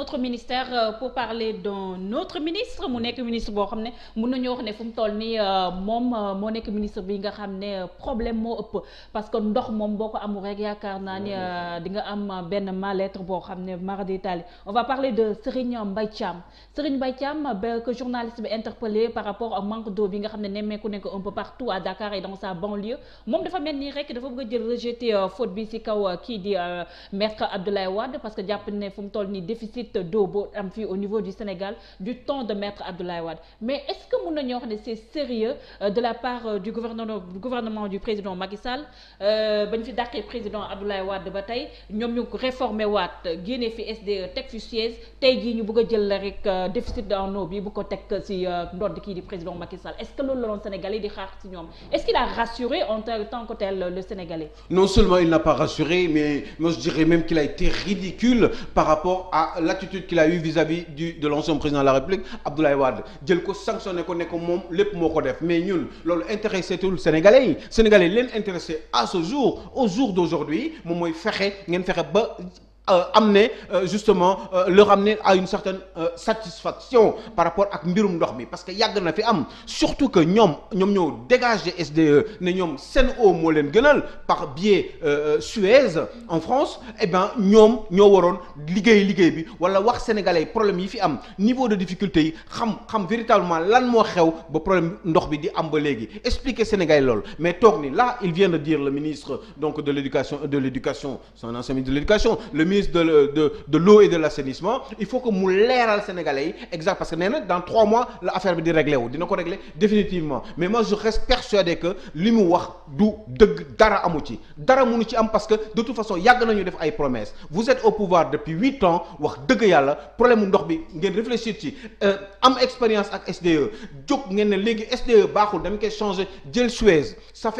autre ministère euh, pour parler d'un autre ministre mu nekk ministre boo xam ne mun nañoo wax ne fu toll nii euh, moom euh, moo nekk ministre bi nga xam ne problème moo ëpp parce que ndox moom boo ko amul rek yaakaar naa ni di nga am benn mal boo xam ne mardi on va parler de Serigne Mbaye Thiam Serigne Mbaye Thiam ba que journaliste bi interpellé par rapport ak manque d'eau bi nga xam ne nemmeeku nekk un partout à Dakar et dans sa banlieue moom dafa mel nii rek dafa bëgg a jël rejeté faute petite doobo am fii au niveau du Sénégal du temps de maître Abdoulaye Wade mais est-ce que mun c'est sérieux euh, de la part euh, du gouvernement du président Macky euh, ba ñu fi dàqee président Abdoulaye Wade ba tey ñoom ñu réformé waat génnee fi SDE teg fi siège tey jii ñu bëgg a jël la rek déficit en eau bi bu ko teg si ndodd kii di président Macky est-ce que loolu la Sénégalais di xaar si ñoom est-ce qu'il a rassuré en tant que tel le Sénégalais non seulement il a l'attitude qu'il a eu vis à de l'ancien président de la République Abdoulaye Wade jël sanctionné ko ne ko moom lépp mais ñun loolu intéressé tul sénégalais sénégalais leen intéressé à ce jour au jour d'aujourd'hui moom mooy fexe ngeen Euh, amener euh, justement euh, le ramener à une certaine satisfaction par rapport ak mbirum ndox mi parce que yàgg na fi am surtout que ñoom ñoom ñoo dégager SDE ne ñoom sen o moo leen gënal par biais Suez en France et eh bien ñoom ñoo waroon liggéey liggéey bi wala wax sénégalais problème yi fi am niveau de difficulté yi xam xam véritablement lan moo xew ba problème ndox bi di am ba léegi expliquer sénégalais lool mais toog ni la il vient de dire le ministre donc de l'éducation de l'éducation ministre de de de l'eau et de l'assainissement il faut que mu leeral sénégalais yi exact parce que nee na dans trois mois la affaire bi di réglé wu dina ko réglé définitivement mais moi je reste persuadé que li mu wax du dëgg dara amu ci dara mënu ci am parce que de toute façon yàgg nañu def ay promesses vous êtes au pouvoir depuis huit ans wax dëgg yàlla problème ndox bi ngeen réfléchir ci euh, am expérience ak SDE jóg ngeen ne léegi SDE baaxul dañ koy changer jël Suez ça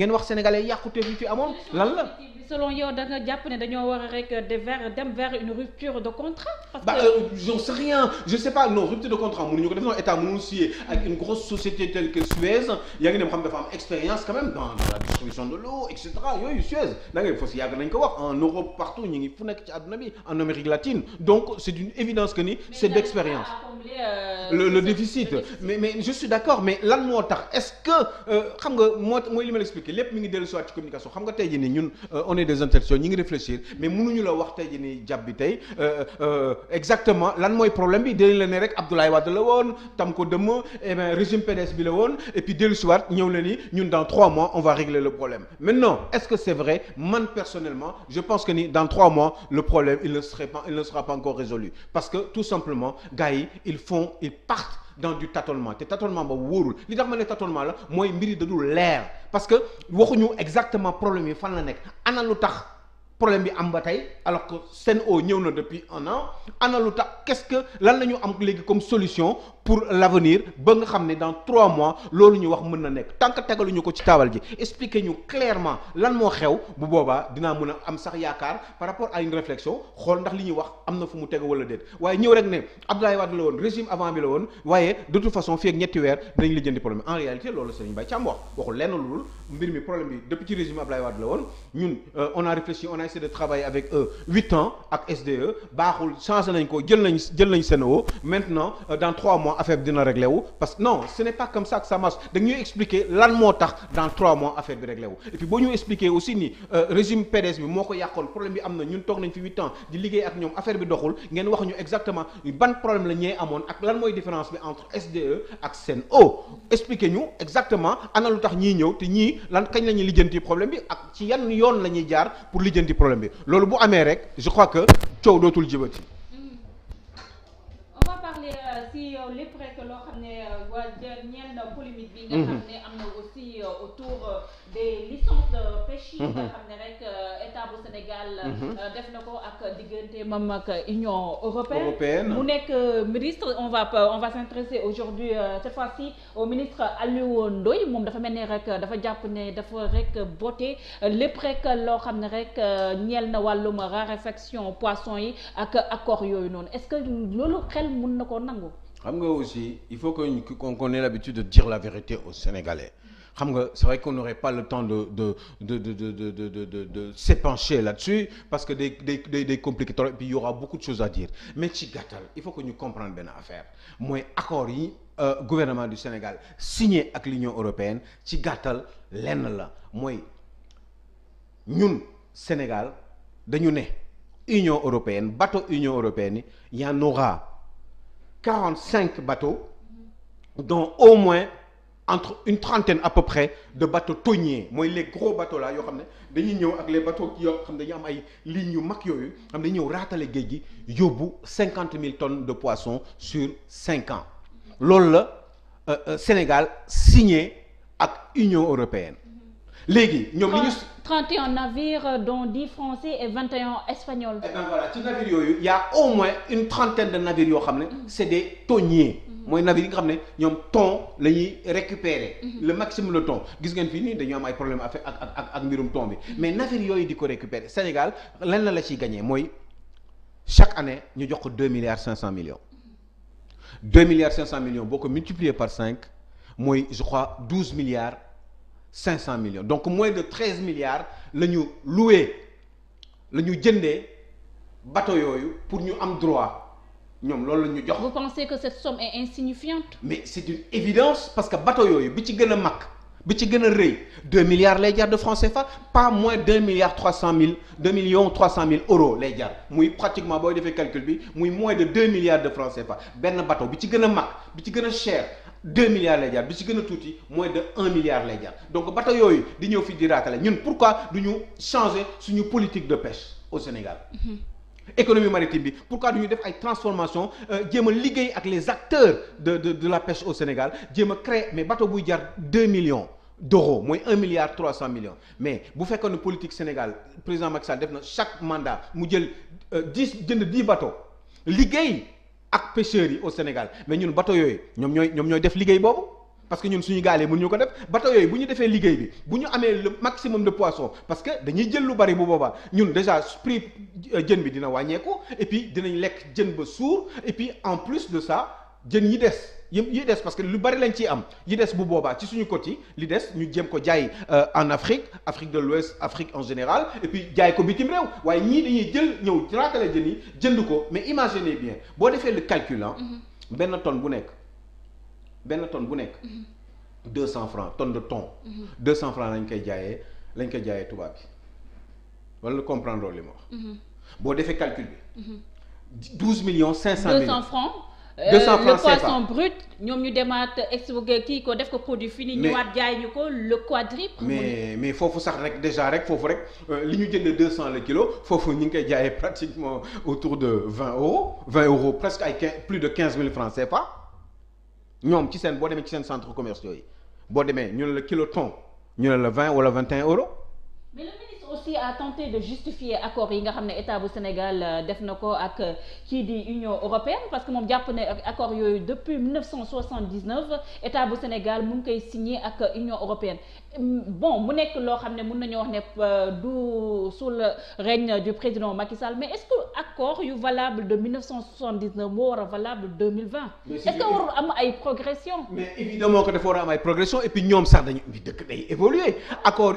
ngeen wax sénégalais yàqute bi fi amoon lan la selon yow da nga jàpp de vers une rupture de contrat. parce bah, que euh, rien je sais pas non rupture de contrat mënuñu ko def non état mënul siyee ak une grosse société telle que Suez yaa ngi dem xam dafa expérience quand même dans la distribution de l'eau et cetera yooyu Suez da ngay fas que ni c'est d'expérience euh, le déficit mais je suis d'accord mais lan moo tax est-ce que euh, xam nga moo li ma l'expliquer lépp mi ngi dellu si waat connaît des interactions ñi ngi réfléchir mais mënuñu la wax tey jii nii jàpp bi tey euh, euh, exactement lan mooy problème bi dinañ la ne rek Abdoulaye Wade la woon tam ko dëmm et eh régime PDS bi la woon et puis dellu si waat ñëw la ni dans trois mois on va régler le problème maintenant est-ce que c'est vrai man personnellement je pense que ni dans trois mois le problème il ne sera pas encore résolu parce que tout simplement gars ils font ils partent dans du tâtonnement te tâtonnement boobu wóorul li tax ma ne tâtonnement la mooy mbiri da dul leer parce que waxuñu exactement problème yi fan la nekk ana lu tax problème bi am ba tey alors que Sen'Eau ñëw na depuis un an ana lu tax quest lan la ñu am léegi comme solution pour l'avenir ba nga xam ne dans trois mois loolu ñu wax mën na nekk tant que tegaluñu ko ci taabal ji expliquer ñu clairement lan moo xew bu boobaa dinaa mën a am sax yaakaar par rapport à une réflexion xool ndax li ñu wax am na fu mu teg wala déet waaye ñëw rek ne Abdoulaye Wade la woon régime avant bi la woon waaye de toute façon fii ak ñetti weer dinañ la jëndi problème en réalité loolu Serigne Mbaye Thiam wax waxul lenn de travailler avec eux huit ans ak SDE baaxul changé nañ ko jël nañ jël nañ maintenant euh, dans trois mois affaire bi dina réglé parce que non ce n'est pas comme ça que ça marche expliquer lan moo tax dans trois mois affaire bi réglé wu boo ñu expliquer aussi ni euh, régime PDS bi moo ko yàqoon problème bi am na ñun toog nañ fi huit ans di liggéey ak ñoom affaire bi doxul ngeen wax ñu exactement ban problème la ñee amoon ak lan mooy différence problème bi loolu bu amee rek je crois que coow dootul jibati hmm. on va parler euh, si euh, lépp rek loo xam ne euh, waa ñeent polémique bi nga hmm. xam ne autour des licences de pêche yi nga hmm. état bu Sénégal. Mhm. Euh, def na ko ak diggante moom ak Union européenne. mu nekk euh, ministre on va on va s'intéresser aujourd'hui euh, cette fois-ci au ministre woon Ndoye moom dafa mel ni rek dafa jàpp ne dafa rek boote lépp rek loo xam ne rek ñeel na wàllu wàllum raréfaction poisson yi ak accord yooyu noonu est-ce que loolu xel mun na koo nangu. xam nga aussi il faut que qu'on ait l'habitude de dire la vérité aux Sénégalais. xam nga c'est vrai qu'on n'aurait pas le temps de de de de de de de de de s'épancher parce que day day day day compliqué trop et puis il y aura beaucoup de choses à dire mais ci gàttal il faut que ñu comprendre benn affaire mooy accord yi euh, gouvernement du Sénégal signé ak lu l'Union européenne ci gàttal lenn la mooy ñun Sénégal dañu ne Union européenne bateau Union européenne yi y en aura cinq bateaux au moins entre une trentaine à peu près de bateaux thoniers mooy les gros bateaux là yoo xam ne dañuy ñëw ak les bateaux yoo xam ne dañu am ay lignes yu mag yooyu xam ne dañuy ñëw raatale géej gi yóbbu cinquante mille tonnes de poissons sur cinq ans loolu la euh, euh, Sénégal signé ak Union européenne léegi ñoom li ñu. 31 navires euh, dont 10 français et 21 espagnols. et eh ben voilà ci navires yooyu y a au moins une trentaine de navires yoo xam ne c'est des thoniers. mooy navire yi nga xam ne ñoom thon la ñuy récupérer mhm. le maximum le thon gis ngeen fii nii dañu am ay problème ak ak ak ak mbirum thon bi mhm. mais navire yooyu di ko récupérer Sénégal lan la la ciy gagné mooy chaque année ñu jox ko deux milliards cinq cent millions mhm. deux milliards cinq cent millions boo ko multiplier par cinq mooy je crois douze milliards cinq cent millions donc moins de treize milliards la ñu loué la ñu jëndee bateau yooyu pour ñu am droit ñoom loolu la ñu jox. vous pensez que cette somme est insignifiante. mais c'est une évidence parce que bato yooyu bi ci gën a mag bi ci gën a rëy deux milliards lay jar de francs CFA pas moins deux milliards trois cent mille deux millions trois cent mille euros lay jar muy pratiquement booy defee calcul bi muy moins de deux milliards de francs CFA benn bateau bi ci gën a mag bi ci gën a cher. deux milliards lay jar bi ci gën a tuuti moins de un milliard lay jar donc bateau yooyu di ñëw fii di raatale ñun pourquoi du ñu changer suñu politique de pêche au Sénégal. Mmh. économie maritime bi pourquoi du ñu def ay transformation euh, jéem a liggéey ak les acteurs de de de la pêche au Sénégal jéem a créer mais bateau buy jar deux millions d'euros mooy un milliard trois cent millions mais bu fekkoon ne politique Sénégal président Macky Sall def na chaque mandat mu jël euh, dix jënd dix bato liggéey ak pêcheurs yi au Sénégal mais ñun bato yooyu ñoom ñooy ñoom ñooy def liggéey boobu. parce que ñun suñu gaal mu ñu ko def bateau yooyu bu ñu defee liggéey bi bu ñu amee le maximum de poisson parce que dañuy jël lu bari bu boobaa ñun déjà prix euh, jën bi dina wàññeeku et puis dinañ lekk jën ba suur et en plus de ça jën yi des yi des parce que lu bari lañ ciy am yi des bu boobaa ci suñu côté li des ñu jéem ko jaay euh, en Afrique Afrique de l'Ouest Afrique en général et jaay ko bitim réew waaye ñii dañuy jël ñëw raakale jën yi jënd ko mais imaginez bien boo defee le calcul mhm. benn tonne bu nekk. benn tonne bu nekk. 200 mhm. francs tonne de thon. 200 mhm. francs lañ koy jaayee lañ koy jaayee tubaab bi wala comprendre loolu li ma wax. Mhm. boo defee calcul bi. 12 millions 500 mille 200 euh, francs. le poisson brut ñoom ñu demaat ex kii ko def ko produit fini. mais ñëwaat jaay ñu ko le quadruple. mais mais foofu sax rek déjà rek foofu rek euh, li ñu jëndee 200 le kilo foofu ñu ngi koy jaayee pratiquement autour de 20 euros 20 euros presque ay 15 plus de 15 mille ñoom ci seen boo demee ci seen centre commerciaux yi boo demee ñu ne la ton ñu ne la vingt wala vingt et un euros aussi à tenter de justifier accords yi nga xam ne état bu Sénégal euh, def na ko ak euh, kii di Union européenne parce que moom jàpp ne accords yooyu depuis 1979 état bu Sénégal mu ngi koy signé ak euh, Union européenne bon mu nekk loo xam ne mun nañu wax ne du sous le règne du président Macky mais est-ce que accord yu valable de moo war a valable 2020. mais est-ce que warul am ay progression. mais évidemment que dafa war am ay progression et puis ñoom sax dañu dëkk évoluer accord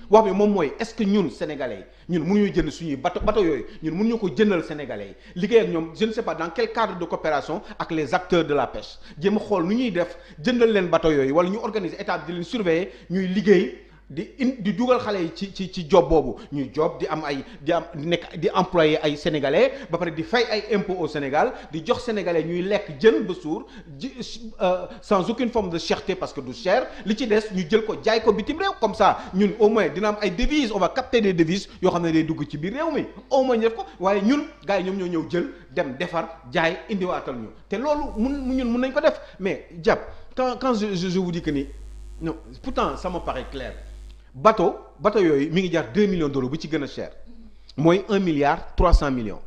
wax bi moom mooy est-ce que ñun sénégalais yi ñun mënuñu jënd suñuy bato bato yooyu ñun mu mënuñu ko jëndal sénégalais yi liggéey ak ñoom je ne sais pas dans quel cadre de coopération ak les acteurs de la pêche jéem a xool nu ñuy def jëndal leen bato yooyu wala ñu organiser état bi di leen surveiller ñuy liggéey di in di dugal xale yi ci ci ci job boobu ñuy job di am ay di am nekk di employer ay sénégalais ba pare di fay ay impôt au Sénégal di jox sénégalais ñuy lekk jën ba suur ji euh, sans aucune forme de cherté parce que du cher li ci des ñu jël ko jaay ko bitim réew comme ça ñun au moins dina am ay devises on va capter des yoo xam ne day dugg ci biir réew mi au moins ñu def ko waaye ñun gars yi ñoom ñoo ñëw jël dem defar jaay indiwaatal ñu te loolu mun ñun mun nañ ko def mais jàpp quand quand je je vous ni non pourtant ça me paraît clair. bato bato yooyu mi ngi jar deux millions de dollars bu ci gën a cher mooy un milliard trois cent millions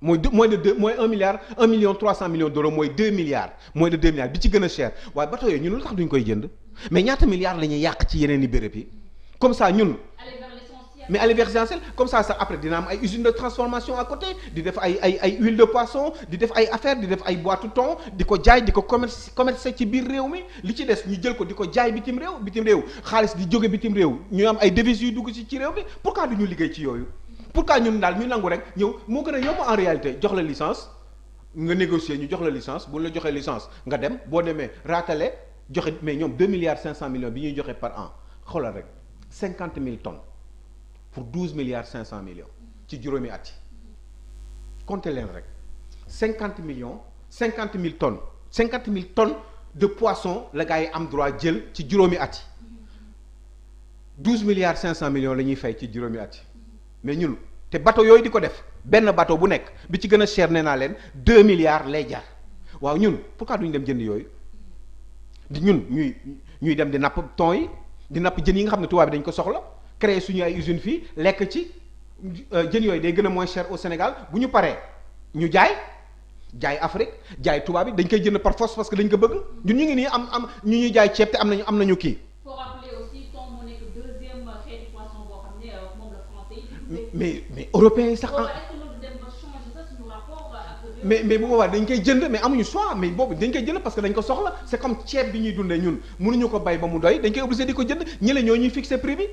mooy deux mooy mooy un milliard un million trois cent millions dollars mooy deux milliards mooy de deux milliards bi ci gën a cher waaye bateau yooyu ñun lu tax duñ koy jënd mais ñaata milliards la ñuy yàq ci yeneen i béréb yi comme ça ñun. mais allée résidentielle comme ça sax après dina am ay usine de transformation à côté di def ay ay huile de poisson di def ay affaire di def ay boîte thon di ko jaay di ko commerce commerce ci biir réew mi li ci des ñu jël ko di ko jaay bitim réew bitim réew xaalis di jóge bitim réew ñu am ay devises yu dugg ci ci réew mi pourquoi du ñu liggéey ci yooyu pourquoi ñun daal ñu nangu rek ñëw moo gën a yomb en réalité jox la licence nga négocier ñu jox la licence bu la joxee licence nga dem boo demee raatale joxe mais ñoom 2 milliards 500 millions bi ñuy joxe par an xoolal rek 50 pour douze milliards cinq cent millions ci juróomi at yi compter leen rek cinquante millions cinquante mille tonnes cinquante mille tonnes de poisson la gars yi am droit jël ci juróomi at yi douze milliards cinq cent millions la ñuy fay ci juróomi at yi mais ñun te bato yooyu di ko def benn bato bu nekk bi ci gën a cher nee naa leen deux milliards lay jar waaw ñun pourquoi ñu dem jënd yooyu di ñun ñuy ñuy dem di napp thon yi di napp jën yi nga xam ne tubaab bi dañ ko soxla. créer suñu ay usine fii lekk ci euh, jën yooyu day gën a moins cher au Sénégal bu ñu paree ñu jaay jaay Afrique jaay tubaab bi dañ koy jënd par force parce que dañ ko bëgg ñun ñu ngi nii am am ñu jaay ceeb am nañu am nañu kii. Euh, mais mais yi sax. Ah euh, mais mais bu boobaa dañ koy jënd mais amuñu choix mais boobu dañ koy jënd parce que dañ ko soxla c'est comme ceeb bi ñuy dundee ñun mënuñu ko bay ba mu doy dañ koy obligé di ko jënd ñële ñoo ñuy fixer prix bi.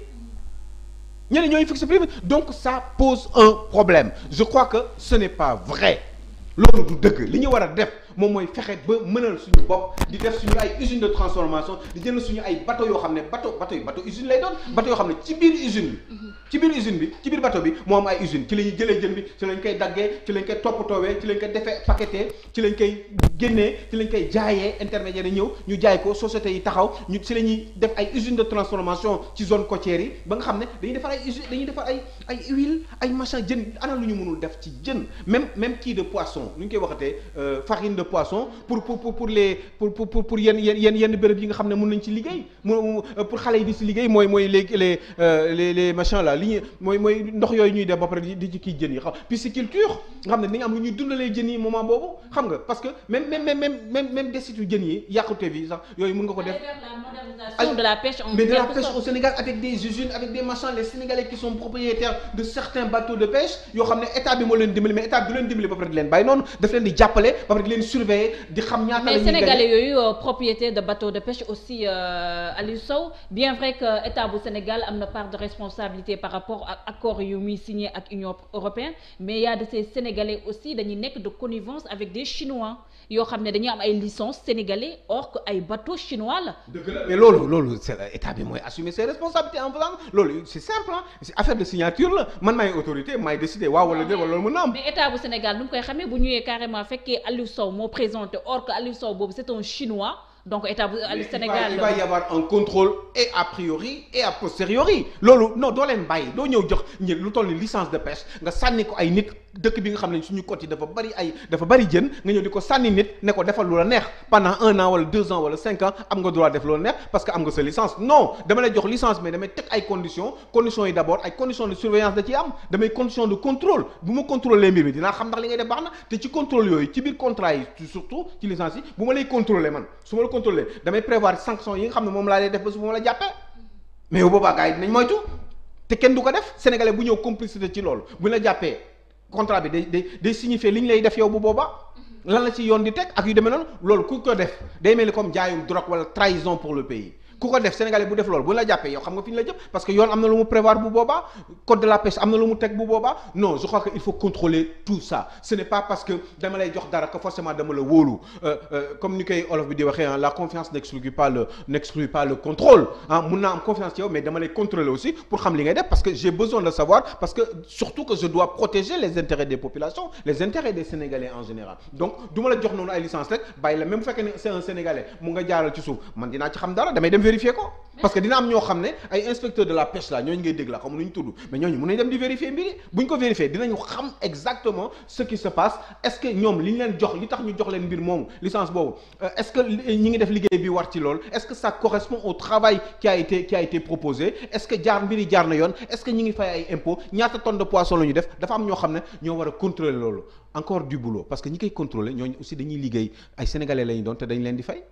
ñeneen ñooy fixé prix bi donc ça pose un problème je crois que ce n'est pas vrai loolu du dëgg li ñu war a def moom mooy fexe ba mënal suñu bopp di def suñu ay usine de transformation di jënd suñu ay bateau yoo xam ne bateau bateau yi bateau usine lay doon mm-hmm. bateau yoo xam ne ci biir usine bi mm-hmm. ci biir usine bi ci biir bateau bi moo am ay usine ci la jëlee jën bi ci lañ koy daggee ci lañ koy toppatoowee ci lañ koy defee paqueté ci lañ koy génnee ci lañ koy jaayee intermédiaire ñëw ñu jaay ko société yi taxaw ñu ci la ñuy def ay usine de transformation ci zone côtière yi ba nga ne dañuy defar ay usine dañuy defar ay ay huile lu ñu mënul def ci jën même même kii de poisson lu ñu koy waxatee euh, farine poisson pour pour pour pour les pour pour pour yenn yenn yenn béréb yi nga xam ne mën nañ ci liggéey mu pour xale yi di si liggéey mooy mooy les les euh, les les machins là li ñu mooy mooy ndox yooyu ñuy def ba pare di ci kii jën yi xam pisciculture nga xam ne dañu am lu ñuy dundalee jën yi moment boobu xam nga parce que même même même même même desitu jën yi yàqute bi sax yooyu mën nga ko def. de la pêche mais de la pêche au Sénégal avec des usines avec des machins les Sénégalais qui sont propriétaires de certains bateaux de pêche yoo xam ne état bi moo leen dimbali mais état bi du leen dimbali ba pare di leen bàyyi noonu daf leen di jàppale ba pare di leen surveiller di xam ñaata la ñuy yooyu euh, propriété de bateau de pêche aussi euh, Aliou Sow bien vrai que état bu Sénégal am na part de responsabilité par rapport ak accord yu muy signé ak Union européenne mais y a de ces sénégalais aussi dañuy nekk de connivence avec des chinois. yoo xam ne dañu am ay licence sénégalais or que ay bateau chinois la. la loolu loolu c'est état bi mooy assumer ses responsabilités en faisant loolu c'est simple ah c'est affaire man maay autorité maay décider waaw wala déet wala loolu mën na am. mais état bu Sénégal nu mu koy xamee bu ñëwee carrément fekkee Aliou Sow moo présenté or que Aliou Sow boobu c'est un chinois. donc état bu Sénégal il va y contrôle et a priori et a posteriori loolu non doo leen bàyyi doo ñëw jox lu toll ni licence de pêche nga sànni ko ay nit. dëkk bi nga xam ne suñu côte yi dafa bari ay dafa bari jën nga ñëw di ko sànni nit ne ko defal lu la neex pendant un an wala deux ans wala cinq ans am nga droit def lu la neex parce que am nga sa licence non dama jox licence mais damay teg ay conditions conditions yi d'abord ay conditions de surveillance damay condition de contrôle bu ma contrôler mbir mi dinaa xam ndax li ngay def baax na te ci contrôle yooyu ci biir contrat yi surtout ci licence yi bu ne moom laa lay def ba su ko def sénégalais bu ñëw complicité ci loolu bu jàppee contrat bi day day day signifier li ñu lay def yow bu booba mm-hmm. lan la ci yoon di teg ak yu demee noonu loolu ku ko def day mel ni comme jaayum drogue wala trahison pour le pays. ku ko def sénégalais bu def loolu bu ñu la jàppee yow xam nga fi ñu la jëm parce que yoon am na lu mu prévoir bu boobaa code de la pêche am na lu mu teg bu boobaa non je crois que il faut contrôler tout ça ce n'est pas parce que dama lay jox dara que forcément dama la wóolu euh, euh, comme ni koy olof bi di waxee la confiance n'exclut pas le n'exclut pas le contrôle mun naa am confiance ci yow mais dama lay contrôler aussi pour xam li ngay def parce vérifier ko parce que dina am ñoo xam ne ay inspecteur de la pêche la ñooñu ngay dégg la xamuñu tudd mais ñooñu mën nañ dem di vérifier mbiri bu ñu ko vérifier dinañu xam exactement ce qui se passe est-ce que ñoom li ñu leen jox li tax ñu jox leen mbir moomu licence boobu euh, est-ce que ñi ngi def liggéey bi war ci est-ce que ça correspond au travail qui a été qui a été proposé est-ce que jaar mbiri jaar na yoon est-ce que ñi ngi fay ay impôts ñaata a contrôler loolu encore du boulot parce que ñi koy contrôler ñooñu aussi dañuy liggéey ay sénégalais lañu doon fay